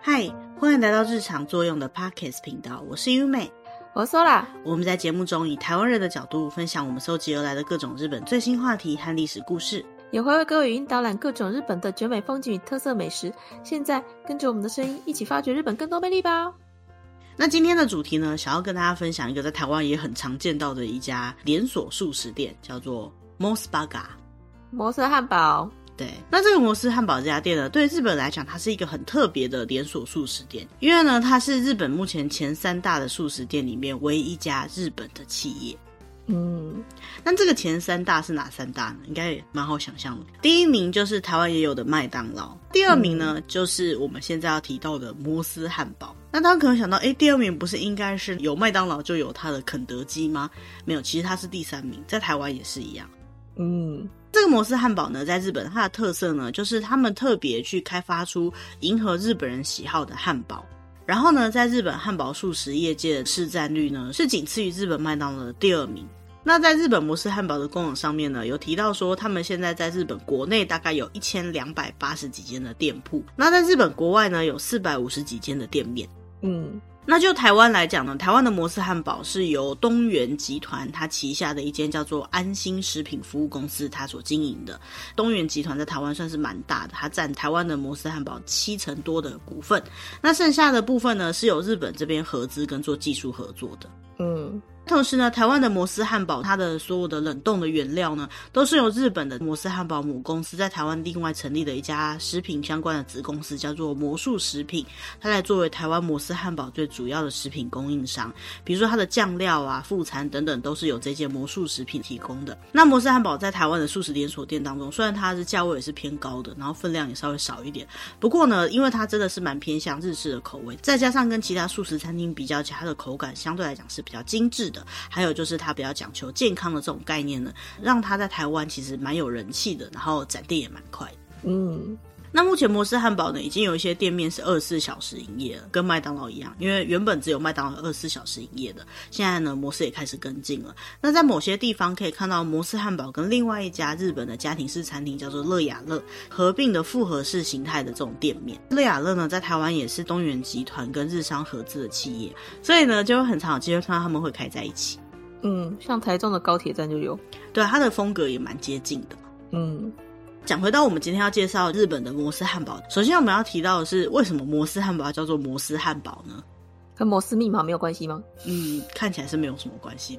嗨，歡迎來到日常作用的 Podcast 頻道，我是優美。我說啦，我們在節目中以台灣人的角度分享我們蒐集而來的各種日本最新話題和歷史故事，也會為各位語音導覽各種日本的絕美風景與特色美食。現在跟着我們的聲音一起發掘日本更多魅力吧。那今天的主題呢，想要跟大家分享一個在台灣也很常見到的一家連鎖速食店，叫做 Mos Burger，摩斯漢堡。對，那這個摩斯漢堡這家店呢，對日本來講，它是一個很特別的連鎖速食店，因為呢，它是日本目前前三大的速食店裡面唯一一家日本的企業。嗯，那這個前三大是哪三大呢？應該也蠻好想象的。第一名就是台灣也有的麥當勞，第二名呢、嗯、就是我們現在要提到的摩斯漢堡。那大家可能想到，哎，第二名不是應該是有麥當勞就有它的肯德基嗎？沒有，其實它是第三名，在台灣也是一樣。嗯，這個摩斯漢堡呢，在日本它的特色呢，就是他們特別去開發出迎合日本人喜好的漢堡。然後呢，在日本漢堡速食業界的市佔率呢，是僅次於日本麥當勞的第二名。那在日本摩斯漢堡的官網上面呢，有提到說，他們現在在日本國內大概有一千兩百八十幾間的店鋪。那在日本國外呢，有四百五十幾間的店面。嗯。那就台灣來講呢，台灣的摩斯漢堡是由東元集團它旗下的一間叫做安心食品服務公司，它所經營的。東元集團在台灣算是蠻大的，它佔台灣的摩斯漢堡七成多的股份。那剩下的部分呢，是由日本這邊合資跟做技術合作的。嗯。同時呢，台灣的摩斯漢堡，它的所有的冷凍的原料呢，都是由日本的摩斯漢堡母公司，在台灣另外成立的一家食品相關的子公司，叫做魔術食品，它來作為台灣摩斯漢堡最主要的食品供應商。比如說它的醬料啊、副餐等等，都是由這間魔術食品提供的。那摩斯漢堡在台灣的速食連鎖店當中，雖然它的價位也是偏高的，然後分量也稍微少一點，不過呢，因為它真的是蠻偏向日式的口味，再加上跟其他速食餐廳比較起來，它的口感相對來講是比較精致的。還有就是他比較講求健康的這種概念呢，讓他在台灣其實蠻有人氣的，然後展店也蠻快。嗯。那目前摩斯漢堡呢，已經有一些店面是二十四小時營業了，跟麥當勞一樣。因為原本只有麥當勞二十四小時營業的，現在呢，摩斯也開始跟進了。那在某些地方可以看到摩斯漢堡跟另外一家日本的家庭式餐廳叫做樂雅樂，合併的複合式形態的這種店面。樂雅樂呢，在台灣也是東元集團跟日商合資的企業，所以呢，就很常有機會看到他們會開在一起。嗯，像台中的高鐵站就有。對啊，它的風格也蠻接近的。嗯。講回到我們今天要介紹的日本的摩斯漢堡，首先我們要提到的是，為什麼摩斯漢堡叫做摩斯漢堡呢？跟摩斯密碼沒有關係嗎？嗯，看起來是沒有什麼關係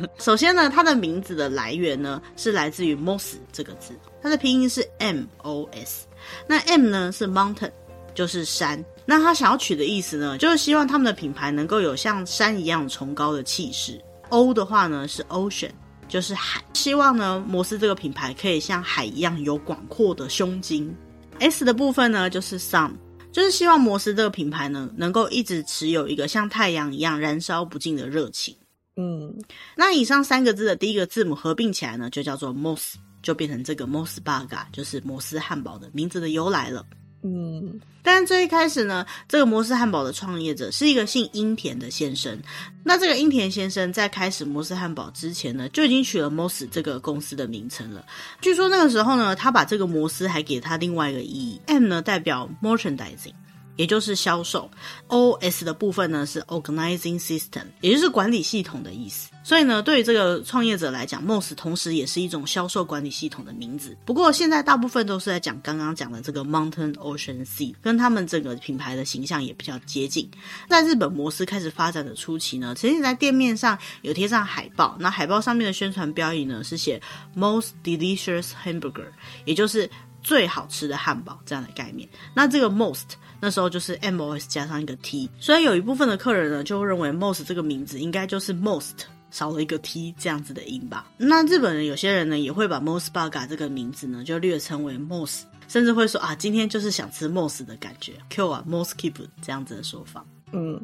的。 首先呢，它的名字的來源呢，是來自於 “mos” 這個字，它的拼音是 “m o s”。那 “m” 呢是 “mountain”，就是山。那他想要取的意思呢，就是希望他們的品牌能夠有像山一樣崇高的氣勢。“o” 的話呢是 “ocean”。就是海，希望呢摩斯這個品牌可以像海一樣有廣闊的胸襟。S 的部分呢就是 sun，就是希望摩斯這個品牌呢能夠一直持有一個像太陽一樣燃燒不盡的熱情。嗯，那以上三個字的第一個字母合併起來呢，就叫做 mos，就變成這個 mos burger，就是摩斯漢堡的名字的由來了。嗯，但是這一開始呢，這個摩斯漢堡的創業者是一個姓殷田的先生。那這個殷田先生在開始摩斯漢堡之前呢，就已經取了 “mos” 這個公司的名稱了。據說那個時候呢，他把這個摩斯還給了他另外一個意義，“m” 呢代表 “merchandising” 也就是銷售，OS 的部分呢是 organizing system，也就是管理系統的意思。所以呢，對於這個創業者來講，MOS 同時也是一種銷售管理系統的名字。不過現在大部分都是在講剛剛講的這個 Mountain Ocean Sea，跟他們整個品牌的形象也比較接近。在日本，摩斯開始發展的初期呢，曾經在店面上有貼上海報，那海報上面的宣傳標語呢是寫 Most delicious hamburger，也就是最好吃的漢堡這樣的概念。那這個 Most。那時候就是 m o s 加上一個 t，所以有一部分的客人呢就會認為 m o s 這個名字應該就是 most 少了一個 t 這樣子的音吧。那日本人有些人呢也會把 most burger 這個名字呢就略稱為 most，甚至會說啊，今天就是想吃 most 的感覺。Q 啊，most keep 這樣子的說法。嗯，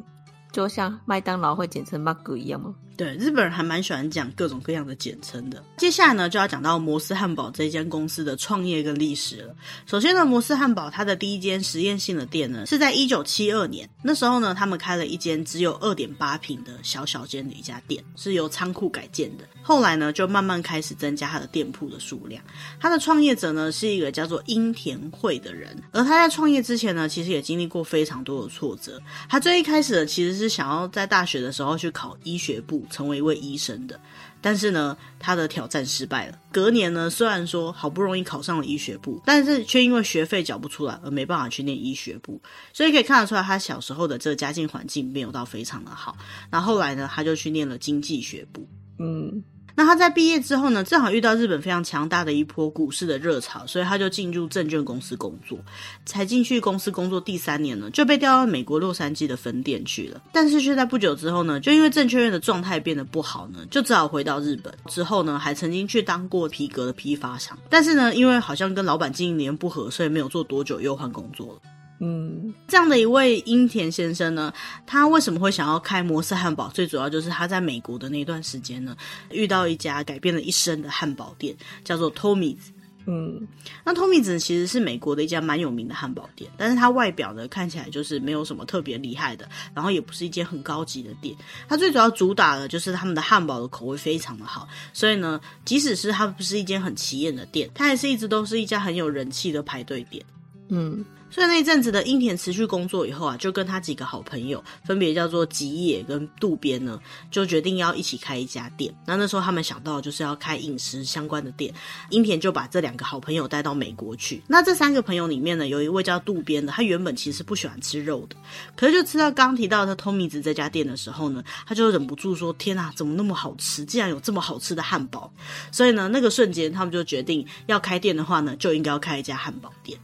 就像麥當勞會簡稱 m u g g e 一樣嗎？對，日本人還蠻喜歡講各種各樣的簡稱的。接下來呢，就要講到摩斯漢堡這一間公司的創業跟歷史了。首先呢，摩斯漢堡它的第一間實驗性的店呢，是在一九七二年。那時候呢，他們開了一間只有二點八平的小小間的一家店，是由倉庫改建的。後來呢，就慢慢開始增加它的店鋪的數量。它的創業者呢，是一個叫做櫻田慧的人。而他在創業之前呢，其實也經歷過非常多的挫折。他最一開始其實是想要在大學的時候去考醫學部。成為一位醫生的，但是呢，他的挑戰失敗了。隔年呢，雖然說好不容易考上了醫學部，但是卻因為學費繳不出來而沒辦法去念醫學部。所以可以看得出來，他小時候的這個家境環境沒有到非常的好。那後來呢，他就去念了經濟學部。嗯。那他在畢業之後呢，正好遇到日本非常強大的一波股市的熱潮，所以他就進入證券公司工作。才進去公司工作第三年呢，就被調到美國洛杉磯的分店去了。但是卻在不久之後呢，就因為證券院的狀態變得不好呢，就只好回到日本。之後呢，還曾經去當過皮革的批發商，但是呢，因為好像跟老闆經營理念不合，所以沒有做多久又換工作了。嗯，這樣的一位櫻田先生呢，他為什麼會想要開摩斯漢堡？最主要就是他在美國的那一段時間呢，遇到一家改變了一生的漢堡店，叫做 Tommy's。嗯，那 Tommy's 其實是美國的一家蠻有名的漢堡店，但是它外表呢，看起來就是沒有什麼特別厲害的，然後也不是一間很高級的店。它最主要主打的就是他們的漢堡的口味非常的好，所以呢，即使是他不是一間很起眼的店，他也是一直都是一家很有人氣的排隊店。嗯。所以那一陣子的英田辭去工作以後啊，就跟他幾個好朋友，分別叫做吉野跟渡邊呢，就決定要一起開一家店。那那時候他們想到就是要開飲食相關的店，英田就把這兩個好朋友帶到美國去。那這三個朋友裡面呢，有一位叫渡邊的，他原本其實不喜歡吃肉的，可是就吃到剛，剛提到的 Tommy's 這家店的時候呢，他就忍不住說：“天哪，怎麼那麼好吃？竟然有這麼好吃的漢堡！”所以呢，那個瞬間他們就決定要開店的話呢，就應該要開一家漢堡店。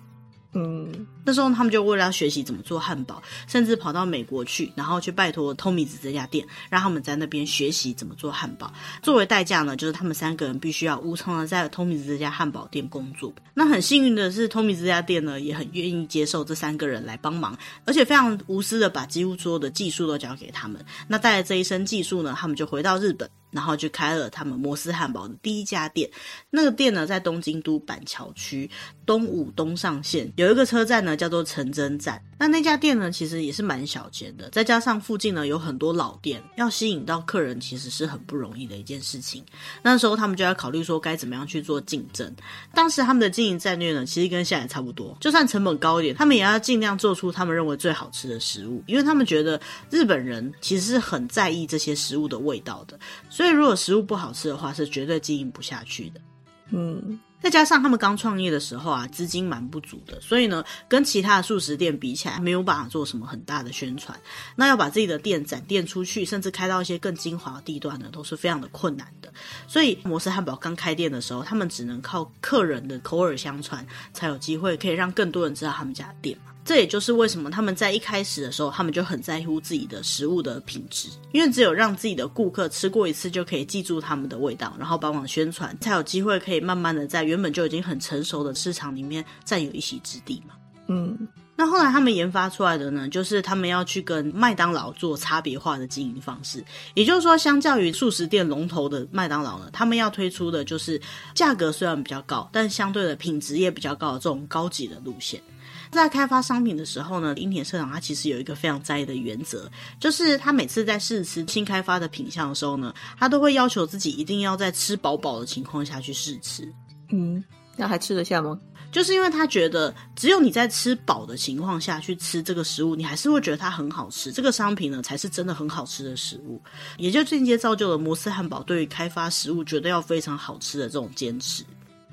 嗯。那時候他們就為了要學習怎麼做漢堡，甚至跑到美國去，然後去拜託 Tommy's 這家店，讓他們在那邊學習怎麼做漢堡。作為代價呢，就是他們三個人必須要無償的在 Tommy's 這家漢堡店工作。那很幸運的是 Tommy's 這家店呢也很願意接受這三個人來幫忙，而且非常無私的把幾乎所有的技術都交給他們。那帶着這一身技術呢，他們就回到日本，然後就開了他們摩斯漢堡的第一家店。那個店呢，在東京都板橋區東武東上線有一個車站呢。叫做成增站。那那家店呢，其實也是蠻小間的，再加上附近呢有很多老店，要吸引到客人，其實是很不容易的一件事情。那時候他們就要考慮說，該怎麼樣去做競爭。當時他們的經營戰略呢，其實跟現在差不多，就算成本高一點，他們也要盡量做出他們認為最好吃的食物，因為他們覺得日本人其實是很在意這些食物的味道的。所以如果食物不好吃的話，是絕對經營不下去的。嗯。再加上他們剛創業的時候啊，資金蠻不足的，所以呢，跟其他的速食店比起來，沒有辦法做什麼很大的宣傳。那要把自己的店展店出去，甚至開到一些更精華的地段呢，都是非常的困難的。所以，摩斯漢堡剛開店的時候，他們只能靠客人的口耳相傳，才有機會可以讓更多人知道他們家的店嘛。這也就是為什麼他們在一開始的時候，他們就很在乎自己的食物的品質，因為只有讓自己的顧客吃過一次，就可以記住他們的味道，然後幫忙宣傳，才有機會可以慢慢的在原本就已經很成熟的市場裡面占有一席之地嘛。嗯，那後來他們研發出來的呢，就是他們要去跟麥當勞做差別化的經營方式，也就是說，相較於速食店龍頭的麥當勞呢，他們要推出的就是價格雖然比較高，但相對的品質也比較高的這種高級的路線。在開發商品的時候呢，英田社長他其實有一個非常在意的原則，就是他每次在試吃新開發的品項的時候呢，他都會要求自己一定要在吃飽飽的情況下去試吃。嗯，那還吃得下嗎？就是因為他覺得，只有你在吃飽的情況下去吃這個食物，你還是會覺得它很好吃。這個商品呢，才是真的很好吃的食物，也就間接造就了摩斯漢堡對於開發食物覺得要非常好吃的這種堅持。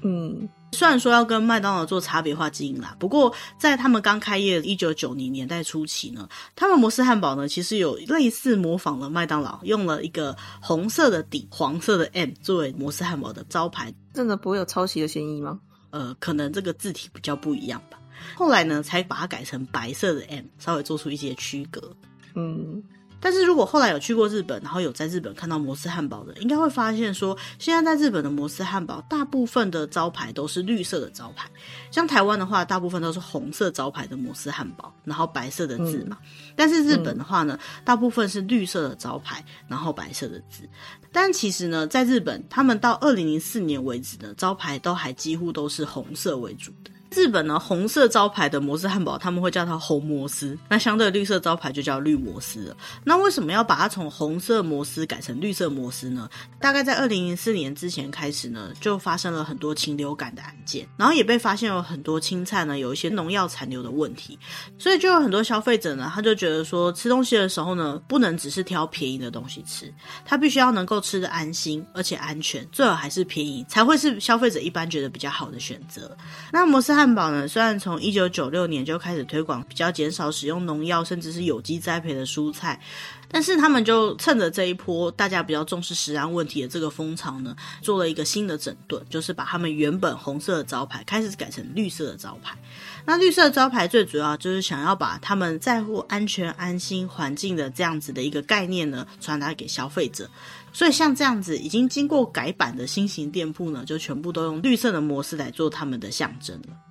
嗯，雖然說要跟麥當勞做差別化經營啦，不過在他們剛開業一九九零年代初期呢，他們摩斯漢堡呢其實有類似模仿了麥當勞，用了一個紅色的底、黃色的 M 作為摩斯漢堡的招牌，真的不會有抄襲的嫌疑嗎？呃，可能這個字體比較不一樣吧。後來呢，才把它改成白色的 M，稍微做出一些區隔。嗯。但是如果後來有去過日本，然後有在日本看到摩斯漢堡的，應該會發現說，現在在日本的摩斯漢堡，大部分的招牌都是綠色的招牌，像台灣的話，大部分都是紅色招牌的摩斯漢堡，然後白色的字嘛。但是日本的話呢，大部分是綠色的招牌，然後白色的字。但其實呢，在日本，他們到二零零四年為止呢，招牌都還幾乎都是紅色為主的。日本呢，紅色招牌的摩斯漢堡，他們會叫它紅摩斯。那相對綠色招牌就叫綠摩斯了。那為什麼要把它從紅色摩斯改成綠色摩斯呢？大概在二零零四年之前開始呢，就發生了很多禽流感的案件，然後也被發現有很多青菜呢，有一些農藥殘留的問題。所以就有很多消費者呢，他就覺得說，吃東西的時候呢，不能只是挑便宜的東西吃，他必須要能夠吃得安心而且安全，最好還是便宜才會是消費者一般覺得比較好的選擇。那摩斯漢漢堡呢，雖然從一九九六年就開始推廣比較減少使用農藥甚至是有機栽培的蔬菜，但是他們就趁着這一波大家比較重視食安問題的這個風潮呢，做了一個新的整頓，就是把他們原本紅色的招牌開始改成綠色的招牌。那綠色的招牌最主要就是想要把他們在乎安全、安心、環境的這樣子的一個概念呢，傳達給消費者。所以像這樣子已經經過改版的新型店鋪呢，就全部都用綠色的模式來做他們的象徵了。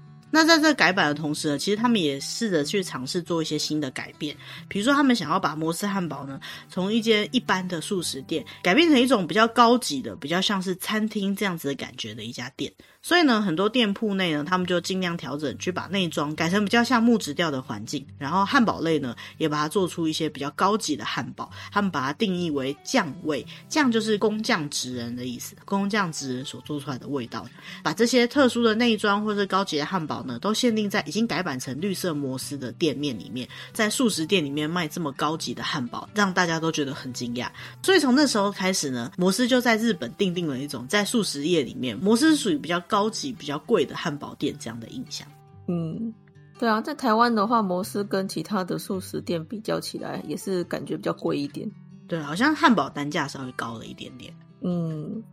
那在這改版的同時呢，其實他們也試着去嘗試做一些新的改變，比如說他們想要把摩斯漢堡呢，從一間一般的速食店改變成一種比較高級的、比較像是餐廳這樣子的感覺的一家店。所以呢，很多店鋪內呢，他們就盡量調整去把內裝改成比較像木質調的環境，然後漢堡類呢，也把它做出一些比較高級的漢堡。他們把它定義為匠味，匠就是工匠職人的意思，工匠職人所做出來的味道。把這些特殊的內裝或是高級的漢堡，都限定在已經改版成綠色模式的店面裡面，在速食店裡面賣這麼高級的漢堡，讓大家都覺得很驚訝。所以從那時候開始呢，摩斯就在日本訂定了一種在速食業裡面，摩斯是屬於比較高級、比較貴的漢堡店這樣的印象。嗯，對啊，在台灣的話，摩斯跟其他的速食店比較起來，也是感覺比較貴一點。對啊，好像漢堡單價稍微高了一點點。嗯。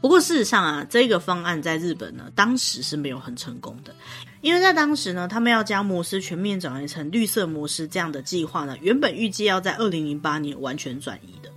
不過事實上啊，這個方案在日本呢，當時是沒有很成功的，因為在當時呢，他們要將摩斯全面轉移成綠色摩斯這樣的計劃呢，原本預計要在二零零八年完全轉移的。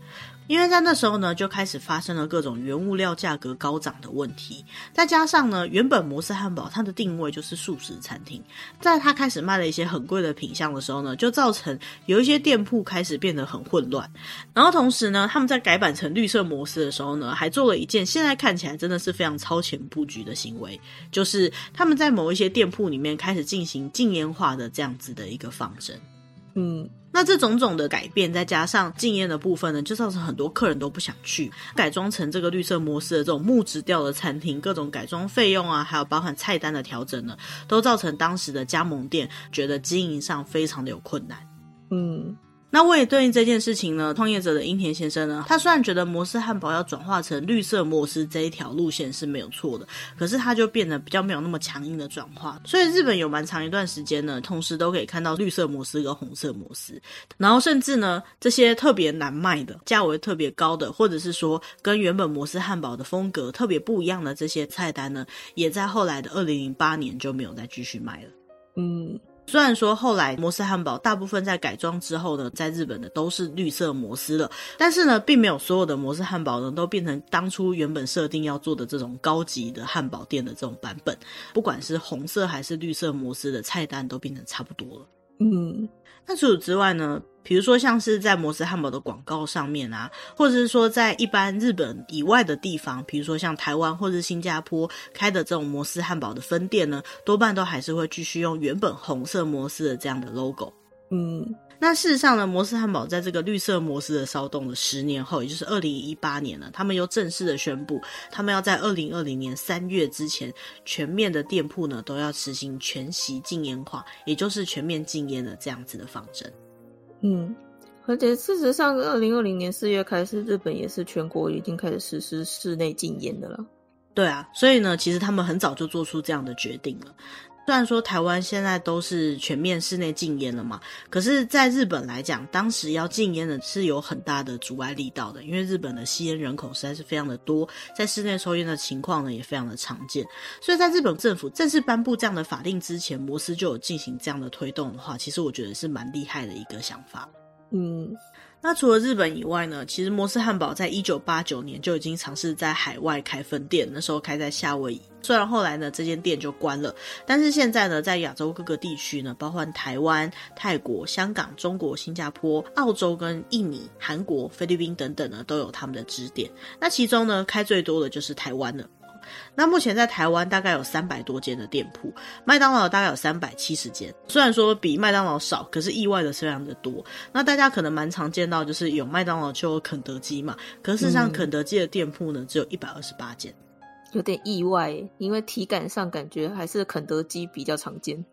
因為在那時候呢，就開始發生了各種原物料價格高漲的問題，再加上呢，原本摩斯漢堡它的定位就是速食餐廳，在它開始賣了一些很貴的品項的時候呢，就造成有一些店鋪開始變得很混亂。然後同時呢，他們在改版成綠色模式的時候呢，還做了一件現在看起來真的是非常超前布局的行為，就是他們在某一些店鋪裡面開始進行禁煙化的這樣子的一個方針。嗯。那這種種的改變，再加上禁菸的部分呢，就造成很多客人都不想去。改裝成這個綠色模式的這種木質調的餐廳，各種改裝費用啊，還有包含菜單的調整呢，都造成當時的加盟店覺得經營上非常的有困難。嗯。那為了對應這件事情呢，創業者的櫻田先生呢，他雖然覺得摩斯漢堡要轉化成綠色摩斯這一條路線是沒有錯的，可是他就變得比較沒有那麼強硬的轉化。所以日本有蠻長一段時間呢，同時都可以看到綠色摩斯和紅色摩斯。然後甚至呢，這些特別難賣的、價位特別高的，或者是說跟原本摩斯漢堡的風格特別不一樣的這些菜單呢，也在後來的二零零八年就沒有再繼續賣了。嗯。雖然說後來摩斯漢堡大部分在改裝之後呢，在日本的都是綠色摩斯了，但是呢，並沒有所有的摩斯漢堡呢都變成當初原本設定要做的這種高級的漢堡店的這種版本，不管是紅色還是綠色摩斯的菜單都變得差不多了。嗯，那除此之外呢，比如說，像是在摩斯漢堡的廣告上面啊，或者是說在一般日本以外的地方，比如說像台灣或者新加坡開的這種摩斯漢堡的分店呢，多半都還是會繼續用原本紅色摩斯的這樣的 logo。嗯，那事實上呢，摩斯漢堡在這個綠色摩斯的騷動了十年後，也就是二零一八年呢，他們又正式的宣布，他們要在二零二零年三月之前，全面的店鋪呢都要實行全席禁菸化，也就是全面禁菸的這樣子的方針。嗯，而且事實上，二零二零年四月開始，日本也是全國已經開始實施室內禁菸的了。對啊，所以呢，其實他們很早就做出這樣的決定了。雖然說台灣現在都是全面室內禁煙了嘛，可是，在日本來講，當時要禁煙的是有很大的阻礙力道的，因為日本的吸烟人口實在是非常的多，在室內抽煙的情況呢，也非常的常見。所以在日本政府正式頒布這樣的法令之前，摩斯就有進行這樣的推動的話，其實我覺得是蠻厲害的一個想法。嗯。那除了日本以外呢，其實摩斯漢堡在一九八九年就已經嘗試在海外開分店，那時候開在夏威夷。雖然後來呢，這間店就關了，但是現在呢，在亞洲各個地區呢，包括台灣、泰國、香港、中國、新加坡、澳洲跟印尼、韓國、菲律賓等等呢，都有他們的支店。那其中呢，開最多的就是台灣了。那目前在台灣大概有三百多間的店鋪，麥當勞大概有三百七十間，雖然說比麥當勞少，可是意外的是非常的多。那大家可能蠻常見到，就是有麥當勞就有肯德基嘛，可是像肯德基的店鋪呢，只有一百二十八間，有點意外，因為體感上感覺還是肯德基比較常見。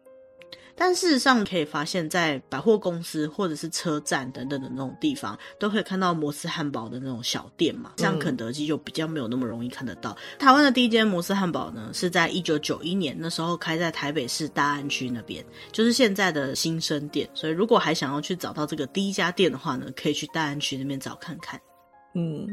但事實上可以發現，在百貨公司或者是車站等等的那種地方，都可以看到摩斯漢堡的那種小店嘛。像肯德基就比較沒有那麼容易看得到。嗯、台灣的第一間摩斯漢堡呢，是在一九九一年，那時候開在台北市大安區那邊，就是現在的新生店。所以如果還想要去找到這個第一家店的話呢，可以去大安區那邊找看看。嗯。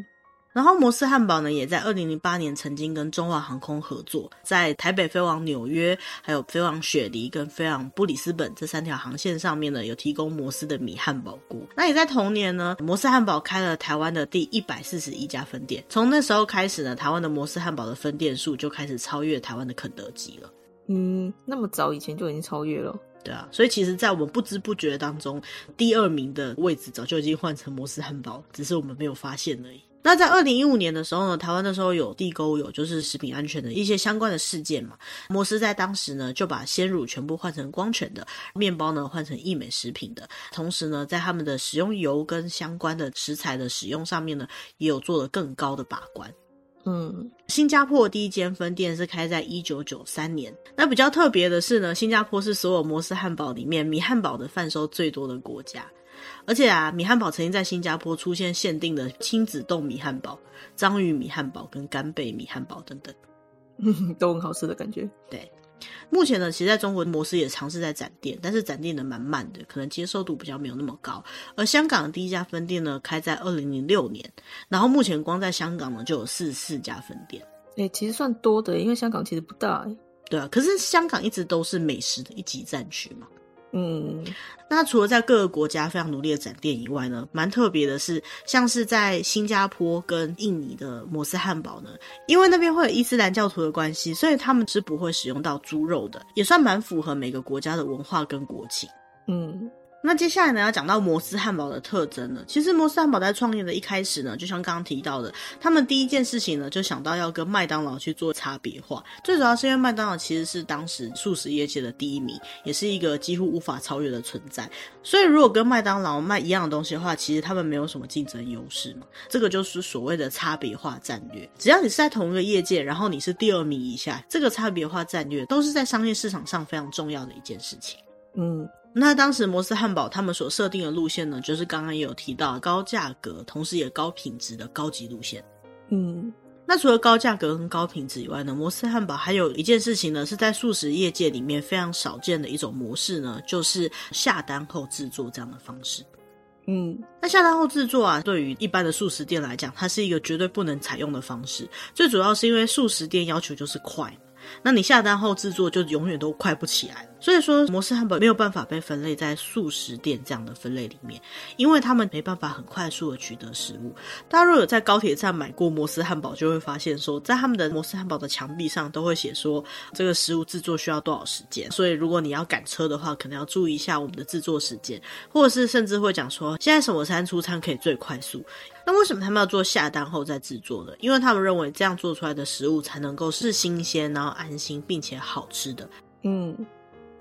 然後摩斯漢堡呢，也在二零零八年曾經跟中華航空合作，在台北飛往紐約，還有飛往雪梨跟飛往布里斯本這三條航線上面呢，有提供摩斯的米漢堡鍋。那也在同年呢，摩斯漢堡開了台灣的第一百四十一家分店。從那時候開始呢，台灣的摩斯漢堡的分店數就開始超越台灣的肯德基了。嗯，那麼早以前就已經超越了。對啊，所以其實，在我們不知不覺當中，第二名的位置早就已經換成摩斯漢堡，只是我們沒有發現而已。那在二零一五年的時候呢，臺灣那時候有地溝油，有就是食品安全的一些相關的事件嘛。摩斯在當時呢，就把鮮乳全部換成光泉的，麵包呢換成義美食品的，同時呢，在他們的使用油跟相關的食材的使用上面呢，也有做了更高的把關。嗯，新加坡第一間分店是開在一九九三年。那比較特別的是呢，新加坡是所有摩斯漢堡裡面米漢堡的販售最多的國家。而且啊，米漢堡曾經在新加坡出現限定的親子丼米漢堡、章魚米漢堡跟干貝米漢堡等等，都很好吃的感覺。對，目前呢，其實在中國摩斯也嘗試在展店，但是展店的蠻慢的，可能接受度比較沒有那麼高。而香港的第一家分店呢，開在二零零六年，然後目前光在香港呢就有四十四家分店。哎、欸，其實算多的，因為香港其實不大哎。對啊，可是香港一直都是美食的一級戰區嘛。嗯，那除了在各個國家非常努力的展店以外呢，蠻特別的是，像是在新加坡跟印尼的摩斯漢堡呢，因為那邊會有伊斯蘭教徒的關係，所以他們是不會使用到豬肉的，也算蠻符合每個國家的文化跟國情。嗯。那接下來呢，要講到摩斯漢堡的特徵了。其實摩斯漢堡在創業的一開始呢，就像剛剛提到的，他們第一件事情呢，就想到要跟麥當勞去做差別化。最主要是因為麥當勞其實是當時速食業界的第一名，也是一個幾乎無法超越的存在。所以如果跟麥當勞賣一樣的東西的話，其實他們沒有什麼競爭優勢嘛。這個就是所謂的差別化戰略。只要你是在同一個業界，然後你是第二名以下，這個差別化戰略都是在商業市場上非常重要的一件事情。嗯。那當時摩斯漢堡他們所設定的路線呢，就是剛剛也有提到高價格，同時也高品質的高級路線。嗯，那除了高價格跟高品質以外呢，摩斯漢堡還有一件事情呢，是在速食業界裡面非常少見的一種模式呢，就是下單後制作這樣的方式。嗯，那下單後制作啊，對於一般的速食店來講，它是一個絕對不能採用的方式。最主要是因為速食店要求就是快，那你下單後制作就永遠都快不起來了。所以說，摩斯漢堡沒有辦法被分類在速食店這樣的分類裡面，因為他們沒辦法很快速的取得食物。大家若有在高鐵站買過摩斯漢堡，就會發現說，在他們的摩斯漢堡的牆壁上都會寫說這個食物制作需要多少時間。所以如果你要趕車的話，可能要注意一下我們的制作時間，或者是甚至會講說現在什麼餐出餐可以最快速。那為什麼他們要做下單後再制作呢？因為他們認為這樣做出來的食物才能夠是新鮮，然後安心並且好吃的。嗯。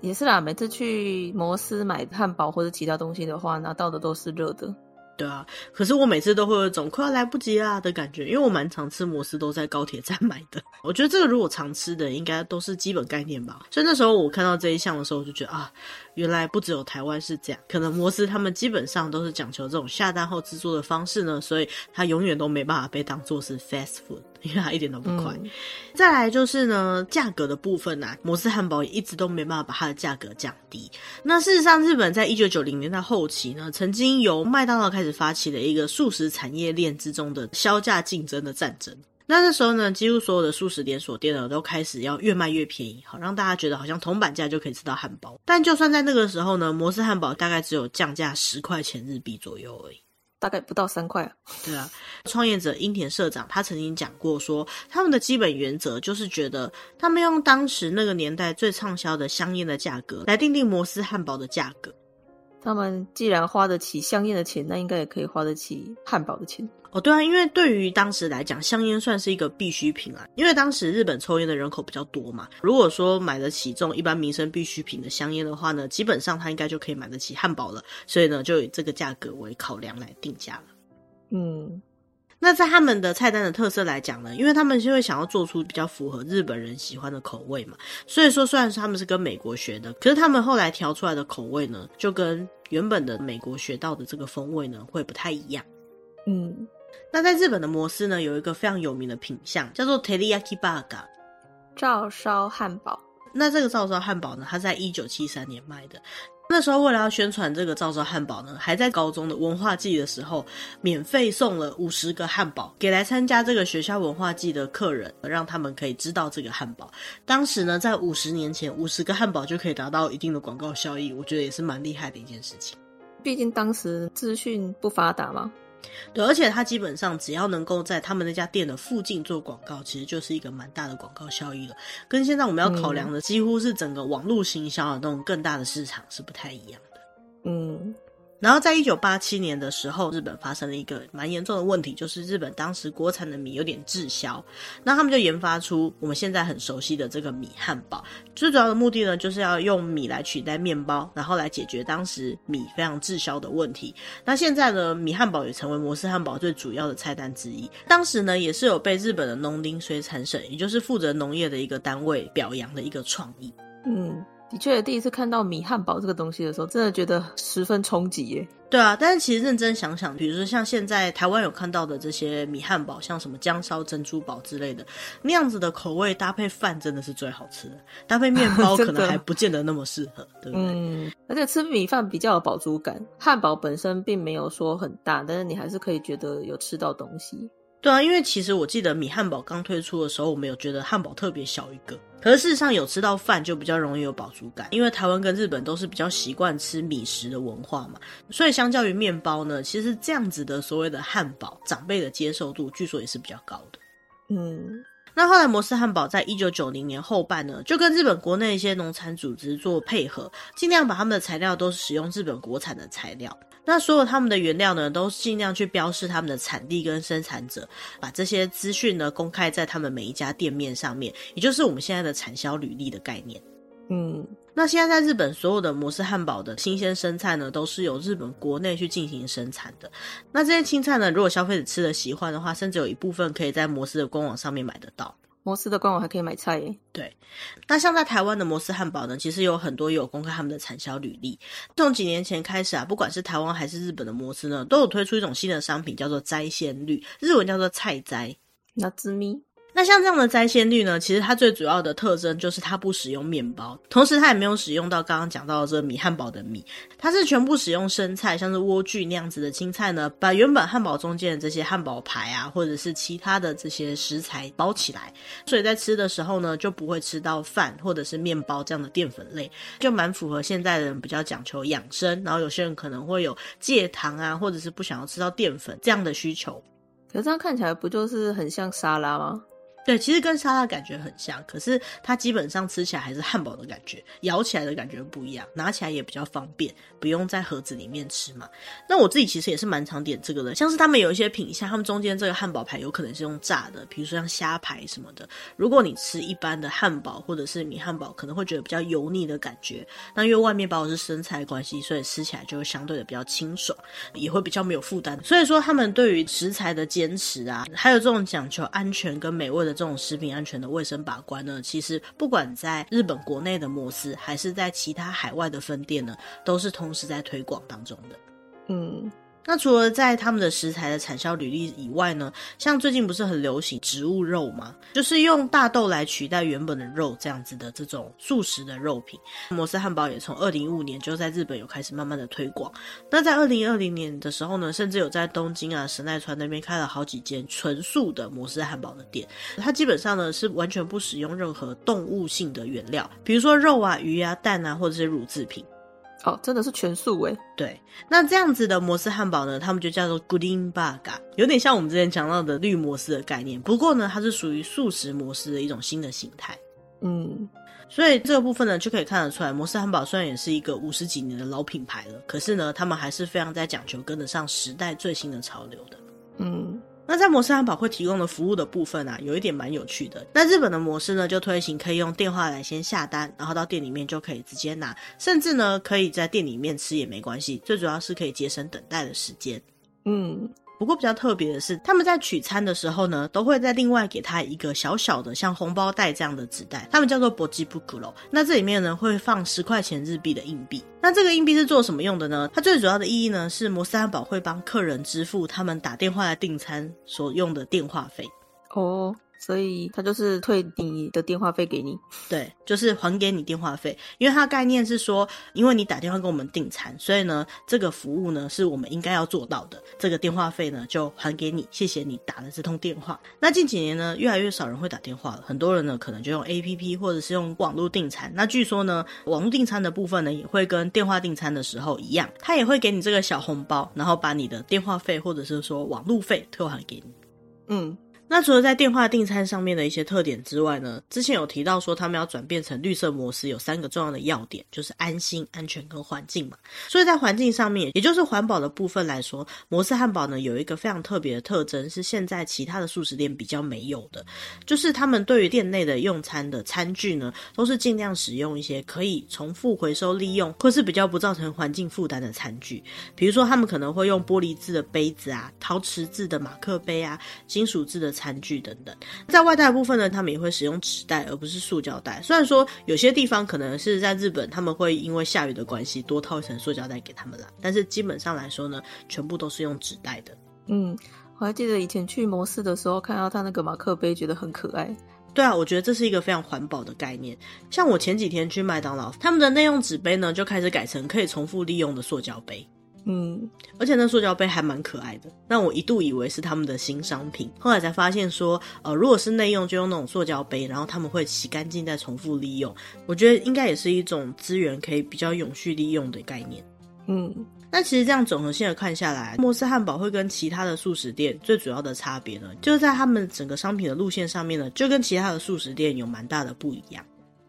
也是啦，每次去摩斯買漢堡或者其他東西的話，拿到的都是熱的。對啊，可是我每次都會有一種快要來不及啊的感覺，因為我蠻常吃摩斯，都在高鐵站買的。 我覺得這個如果常吃的，應該都是基本概念吧。所以那時候我看到這一項的時候，我就覺得啊，原來不只有台灣是這樣，可能摩斯他們基本上都是講求這種下單後製作的方式呢，所以它永遠都沒辦法被當做是 fast food。因為他一點都不快，嗯。再來就是呢，價格的部分呢，啊，摩斯漢堡也一直都沒辦法把它的價格降低。那事實上，日本在一九九零年代後期呢，曾經由麥當勞開始發起了一個速食產業鏈之中的削價競爭的戰爭。那那時候呢，幾乎所有的速食連鎖店呢，都開始要越賣越便宜，好讓大家覺得好像銅板價就可以吃到漢堡。但就算在那個時候呢，摩斯漢堡大概只有降價十塊錢日幣左右而已。大概不到三塊啊。 對啊，創業者櫻田社長他曾經講過說，說他們的基本原則就是覺得他們用當時那個年代最暢銷的香菸的價格來定定摩斯漢堡的價格。他們既然花得起香煙的錢，那應該也可以花得起漢堡的錢。哦，對啊，因為對於當時來講，香煙算是一個必需品啊。因為當時日本抽煙的人口比較多嘛。如果說買得起這種一般民生必需品的香煙的話呢，基本上他應該就可以買得起漢堡了。所以呢，就以這個價格為考量來定價了。嗯。那在他們的菜單的特色來講呢，因為他們是會想要做出比較符合日本人喜歡的口味嘛，所以說雖然他們是跟美國學的，可是他們後來調出來的口味呢，就跟原本的美國學到的這個風味呢，會不太一樣。嗯，那在日本的摩斯呢，有一個非常有名的品項叫做 Teriyaki Burger 照燒漢堡。那這個照燒漢堡呢，它在一九七三年賣的。那時候為了要宣傳這個照燒漢堡呢，還在高中的文化祭的時候，免費送了五十個漢堡給來參加這個學校文化祭的客人，讓他們可以知道這個漢堡。當時呢，在五十年前，五十個漢堡就可以達到一定的廣告效益，我覺得也是蠻厲害的一件事情。畢竟當時資訊不發達嘛。對，而且他基本上只要能夠在他們那家店的附近做廣告，其實就是一個蠻大的廣告效益了。跟現在我們要考量的，幾乎是整個網絡行銷的那種更大的市場是不太一樣的。嗯。嗯。然後在一九八七年的時候，日本發生了一個蠻嚴重的問題，就是日本當時國產的米有點滯銷，那他們就研發出我們現在很熟悉的這個米漢堡。最主要的目的呢，就是要用米來取代麵包，然後來解決當時米非常滯銷的問題。那現在呢，米漢堡也成為摩斯漢堡最主要的菜單之一。當時呢，也是有被日本的農林水產省，也就是負責農業的一個單位表揚的一個創意。嗯。的確，第一次看到米漢堡這個東西的時候，真的覺得十分衝擊耶。對啊，但是其實認真想想，比如說像現在台灣有看到的這些米漢堡，像什麼薑燒珍珠堡之類的，那樣子的口味搭配飯真的是最好吃的，搭配麵包可能還不見得那麼適合， 對不對？嗯，而且吃米飯比較有飽足感，漢堡本身並沒有說很大，但是你還是可以覺得有吃到東西。對啊，因為其實我記得米漢堡剛推出的時候，我們有覺得漢堡特別小一個，可是事實上有吃到飯就比較容易有飽足感，因為台灣跟日本都是比較習慣吃米食的文化嘛，所以相較於麵包呢，其實這樣子的所謂的漢堡，長輩的接受度據說也是比較高的。嗯，那後來摩斯漢堡在一九九零年後半呢，就跟日本國內一些農產組織做配合，盡量把他們的材料都使用日本國產的材料。那所有他們的原料呢，都盡量去標示他們的產地跟生產者，把這些資訊呢，公開在他們每一家店面上面，也就是我們現在的產銷履歷的概念。嗯，那現在在日本，所有的摩斯漢堡的新鮮生菜呢，都是由日本國內去進行生產的。那這些青菜呢，如果消費者吃得喜歡的話，甚至有一部分可以在摩斯的官網上面買得到。摩斯的官網還可以買菜耶、欸。對，那像在台灣的摩斯漢堡呢，其實有很多有公開他們的產銷履歷。從幾年前開始啊，不管是台灣還是日本的摩斯呢，都有推出一種新的商品，叫做摘鮮綠，日文叫做菜摘，那字咪。那像這樣的摘鮮綠呢，其實它最主要的特徵就是它不使用麵包，同時它也沒有使用到剛剛講到的這個米，漢堡的米，它是全部使用生菜，像是萵苣那樣子的青菜呢，把原本漢堡中間的這些漢堡排啊，或者是其他的這些食材包起來，所以在吃的時候呢，就不會吃到飯或者是麵包這樣的澱粉類，就蠻符合現在的人比較講求養生，然後有些人可能會有戒糖啊，或者是不想要吃到澱粉這樣的需求。可是這樣看起來不就是很像沙拉嗎？對，其實跟沙拉感覺很像，可是它基本上吃起來還是漢堡的感覺，咬起來的感覺不一樣，拿起來也比較方便，不用在盒子裡面吃嘛。那我自己其實也是蠻常點這個的，像是他們有一些品項，他們中間這個漢堡排有可能是用炸的，比如說像蝦排什麼的。如果你吃一般的漢堡或者是米漢堡，可能會覺得比較油膩的感覺。那因為外面包的是生菜關係，所以吃起來就會相對的比較清爽，也會比較沒有負擔。所以說他們對於食材的堅持啊，還有這種講求安全跟美味的。這種食品安全的衛生把關呢，其實不管在日本國內的摩斯，還是在其他海外的分店呢，都是同時在推廣當中的。嗯。那除了在他們的食材的產銷履歷以外呢，像最近不是很流行植物肉嗎？就是用大豆來取代原本的肉這樣子的這種素食的肉品，摩斯漢堡也從二零一五年就在日本有開始慢慢的推廣。那在二零二零年的時候呢，甚至有在東京啊、神奈川那邊開了好幾間純素的摩斯漢堡的店，它基本上呢是完全不使用任何動物性的原料，比如說肉啊、魚啊、蛋啊，或者是乳製品。哦、真的是全素味，欸。對，那這樣子的摩斯漢堡呢，他們就叫做 Green Burger，有點像我們之前講到的綠摩斯的概念。不過呢，它是屬於素食摩斯的一種新的形態。嗯，所以這個部分呢，就可以看得出來，摩斯漢堡雖然也是一個五十幾年的老品牌了，可是呢，他們還是非常在講求跟得上時代最新的潮流的。嗯。那在摩斯漢堡會提供的服務的部分啊，有一點蠻有趣的。那日本的摩斯呢，就推行可以用電話來先下單，然後到店裡面就可以直接拿，甚至呢可以在店裡面吃也沒關係。最主要是可以節省等待的時間。嗯。不過比較特別的是，他們在取餐的時候呢，都會再另外給他一個小小的像紅包袋這樣的紙袋，他們叫做“搏基不格羅”。那這裡面呢，會放十塊錢日幣的硬幣。那這個硬幣是做什麼用的呢？它最主要的意義呢，是摩斯漢堡會幫客人支付他們打電話來訂餐所用的電話費。哦。所以他就是退你的電話費給你，對，就是還給你電話費，因為他概念是說，因為你打電話跟我們訂餐，所以呢，這個服務呢是我們應該要做到的，這個電話費呢就還給你，謝謝你打了這通電話。那近幾年呢，越來越少人會打電話了，很多人呢可能就用 APP 或者是用網絡訂餐。那據說呢，網絡訂餐的部分呢也會跟電話訂餐的時候一樣，他也會給你這個小紅包，然後把你的電話費或者是說網路費退還給你。嗯。那除了在電話訂餐上面的一些特點之外呢，之前有提到說他們要轉變成綠色模式，有三個重要的要點，就是安心、安全跟環境嘛。所以在環境上面，也就是環保的部分來說，摩斯漢堡呢有一個非常特別的特徵，是現在其他的速食店比較沒有的，就是他們對於店內的用餐的餐具呢，都是盡量使用一些可以重複回收利用，或是比較不造成環境負擔的餐具，比如說他們可能會用玻璃製的杯子啊、陶瓷製的馬克杯啊、金屬製的餐。餐具等等，在外帶部分呢，他們也會使用紙袋，而不是塑膠袋。雖然說有些地方可能是在日本，他們會因為下雨的關係多套一層塑膠袋給他們啦，但是基本上來說呢，全部都是用紙袋的。嗯，我還記得以前去摩斯的時候，看到他那個馬克杯覺得很可愛。對啊，我覺得這是一個非常環保的概念。像我前幾天去麥當勞，他們的內用紙杯呢，就開始改成可以重複利用的塑膠杯。嗯，而且那塑膠杯還蠻可愛的，那我一度以為是他們的新商品，後來才發現說，呃，如果是內用就用那種塑膠杯，然後他們會洗乾淨再重複利用，我覺得應該也是一種資源可以比較永續利用的概念。嗯，那其實這樣總合性的看下來，摩斯漢堡會跟其他的速食店最主要的差別呢，就是在他們整個商品的路線上面呢，就跟其他的速食店有蠻大的不一樣。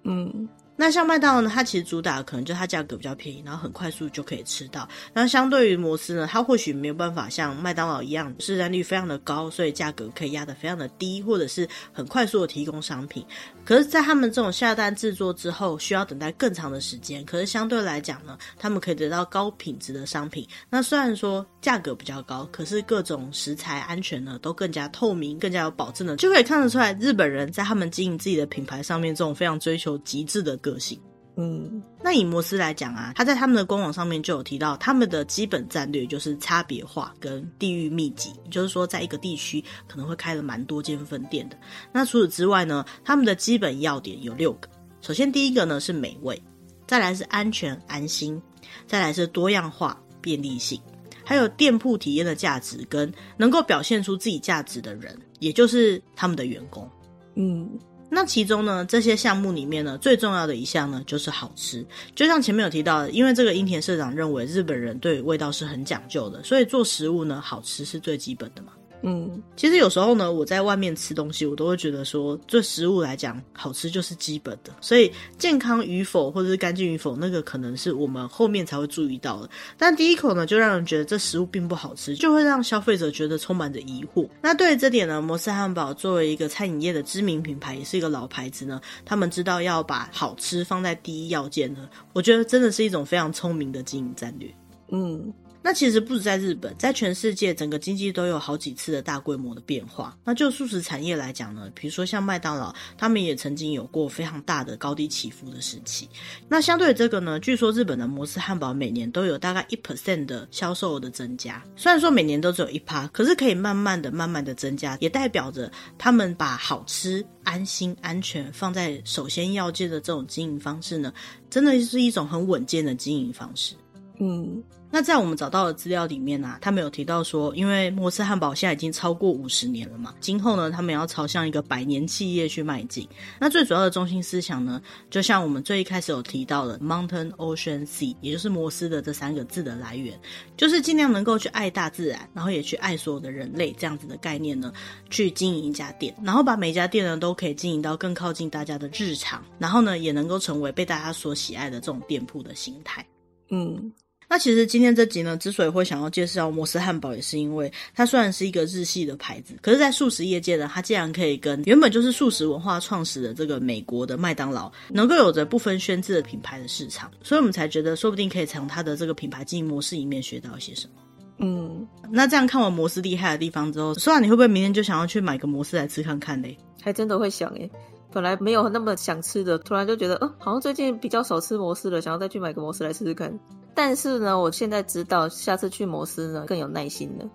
嗯。那像麥當勞呢，它其實主打的可能就它價格比較便宜，然後很快速就可以吃到。那相對於摩斯呢，它或許沒有辦法像麥當勞一樣，市占率非常的高，所以價格可以壓得非常的低，或者是很快速的提供商品。可是，在他們這種下單製作之後，需要等待更長的時間。可是相對來講呢，他們可以得到高品質的商品。那雖然說價格比較高，可是各種食材安全呢都更加透明，更加有保證的，就可以看得出來，日本人在他們經營自己的品牌上面，這種非常追求極致的格個性，嗯，那以摩斯來講啊，他在他們的官網上面就有提到，他們的基本戰略就是差別化跟地域密集，就是說在一個地區可能會開了蠻多間分店的。那除此之外呢，他們的基本要點有六個，首先第一個呢是美味，再來是安全安心，再來是多樣化、便利性，還有店鋪體驗的價值跟能夠表現出自己價值的人，也就是他們的員工，嗯。那其中呢，這些項目裡面呢，最重要的一項呢，就是好吃。就像前面有提到的，因為這個櫻田社長認為日本人對味道是很講究的，所以做食物呢，好吃是最基本的嘛。嗯，其實有時候呢，我在外面吃東西，我都會覺得說，這食物來講，好吃就是基本的。所以健康與否或者是乾淨與否，那個可能是我們後面才會注意到的。但第一口呢，就讓人覺得這食物並不好吃，就會讓消費者覺得充滿着疑惑。那對於這點呢，摩斯漢堡作為一個餐飲業的知名品牌，也是一個老牌子呢，他們知道要把好吃放在第一要件呢，我覺得真的是一種非常聰明的經營戰略。嗯。那其實不止在日本，在全世界整個經濟都有好幾次的大規模的變化。那就速食產業來講呢，比如說像麥當勞，他們也曾經有過非常大的高低起伏的時期。那相對這個呢，據說日本的摩斯漢堡每年都有大概一 percent 的銷售額的增加。雖然說每年都只有一趴，可是可以慢慢的、慢慢的增加，也代表着他們把好吃、安心、安全放在首先要借的這種經營方式呢，真的是一種很穩健的經營方式。嗯。那在我們找到的資料裡面呢、啊，他們有提到說，因為摩斯漢堡現在已經超過五十年了嘛，今後呢，他們要朝向一個百年企業去邁進。那最主要的中心思想呢，就像我們最一開始有提到的，Mountain Ocean Sea，也就是摩斯的這三個字的來源，就是盡量能夠去愛大自然，然後也去愛所有的人類這樣子的概念呢，去經營一家店，然後把每家店呢都可以經營到更靠近大家的日常，然後呢，也能夠成為被大家所喜愛的這種店鋪的形態。嗯。那其實今天這集呢，之所以會想要介紹摩斯漢堡，也是因為它雖然是一個日系的牌子，可是，在速食業界呢，它竟然可以跟原本就是速食文化創始的這個美國的麥當勞，能夠有着不分軒輊的品牌的市場，所以我們才覺得說不定可以從它的這個品牌經營模式裡面學到一些什麼。嗯，那這樣看完摩斯厲害的地方之後，說來你會不會明天就想要去買個摩斯來吃看看呢？還真的會想哎。本來沒有那麼想吃的，突然就覺得，嗯，好像最近比較少吃摩斯了，想要再去買個摩斯來試試看。但是呢，我現在知道下次去摩斯呢更有耐心了。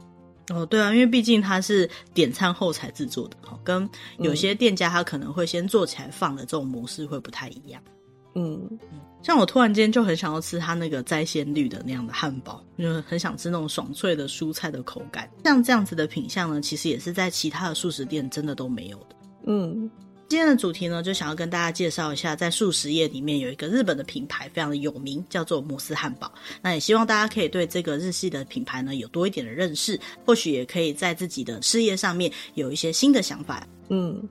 哦，對啊，因為畢竟它是點餐後才製作的，跟有些店家他可能會先做起來放的這種模式會不太一樣。嗯，嗯，像我突然間就很想要吃它那個摘鮮綠的那樣的漢堡，就很想吃那種爽脆的蔬菜的口感。像這樣子的品項呢，其實也是在其他的速食店真的都沒有的。嗯。今天的主題呢，就想要跟大家介紹一下，在速食業裡面有一個日本的品牌非常的有名，叫做摩斯漢堡。那也希望大家可以對這個日系的品牌呢有多一點的認識，或許也可以在自己的事業上面有一些新的想法。嗯。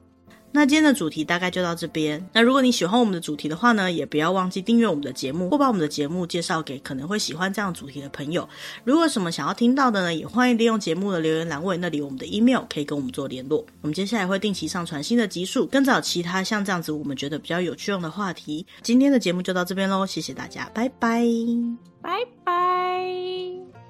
那今天的主題大概就到這邊。那如果你喜歡我們的主題的話呢，也不要忘記訂閱我們的節目，或把我們的節目介紹給可能會喜歡這樣主題的朋友。如果有什麼想要聽到的呢，也歡迎利用節目的留言欄位，那裡我們的 email 可以跟我們做聯絡。我們接下來會定期上傳新的集數，跟找其他像這樣子我們覺得比較有趣用的話題。今天的節目就到這邊嘍，謝謝大家，拜拜，拜拜。